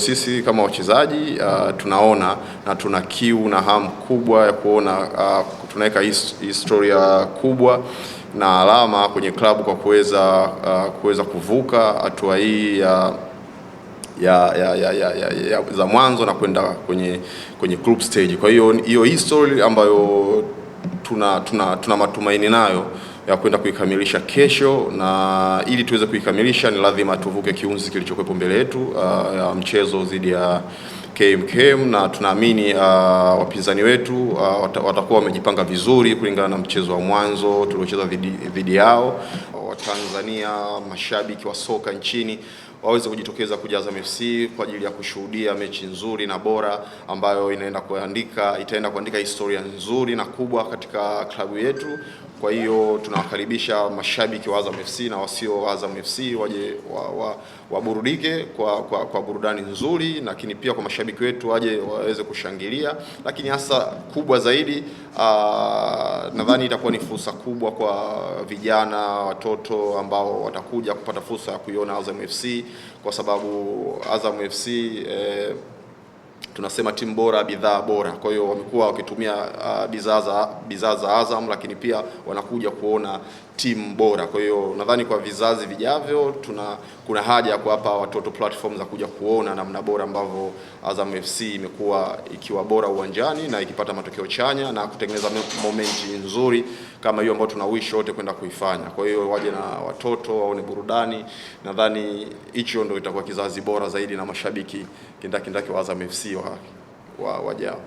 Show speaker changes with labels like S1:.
S1: Sisi kama wachezaji uh, tunaona na tuna kiu na hamu kubwa ya kuona uh, tunaweka historia kubwa na alama kwenye klabu kwa kuweza uh, kuweza kuvuka hatua hii ya ya, ya, ya, ya, ya, ya za mwanzo na kwenda kwenye kwenye group stage. Kwa hiyo hiyo history ambayo tuna tuna, tuna matumaini nayo ya kwenda kuikamilisha kesho, na ili tuweze kuikamilisha ni lazima tuvuke kiunzi kilichokuwepo mbele yetu uh, ya mchezo dhidi ya KMKM na tunaamini uh, wapinzani wetu uh, watakuwa wamejipanga vizuri kulingana na mchezo wa mwanzo tuliocheza dhidi yao. Watanzania, mashabiki wa soka nchini waweze kujitokeza kuja Azam FC kwa ajili ya kushuhudia mechi nzuri na bora ambayo inaenda kuandika itaenda kuandika historia nzuri na kubwa katika klabu yetu. Kwa hiyo tunawakaribisha mashabiki wa Azam FC na wasio wa Azam FC waje waburudike wa, wa kwa, kwa, kwa burudani nzuri, lakini pia kwa mashabiki wetu waje waweze kushangilia, lakini hasa kubwa zaidi nadhani itakuwa ni fursa kubwa kwa vijana watoto ambao watakuja kupata fursa ya kuiona Azam FC kwa sababu Azam FC eh, tunasema timu bora, bidhaa bora. Kwa hiyo wamekuwa wakitumia uh, bidhaa za bidhaa za Azam, lakini pia wanakuja kuona timu bora. Kwa hiyo nadhani kwa vizazi vijavyo tuna kuna haja ya kuwapa watoto platform za kuja kuona namna bora ambavyo Azam FC imekuwa ikiwa bora uwanjani na ikipata matokeo chanya na kutengeneza momenti nzuri kama hiyo ambayo tuna wish wote kwenda kuifanya. Kwa hiyo waje na watoto waone burudani, nadhani hicho ndio itakuwa kizazi bora zaidi na mashabiki kindakindaki wa Azam FC wajao.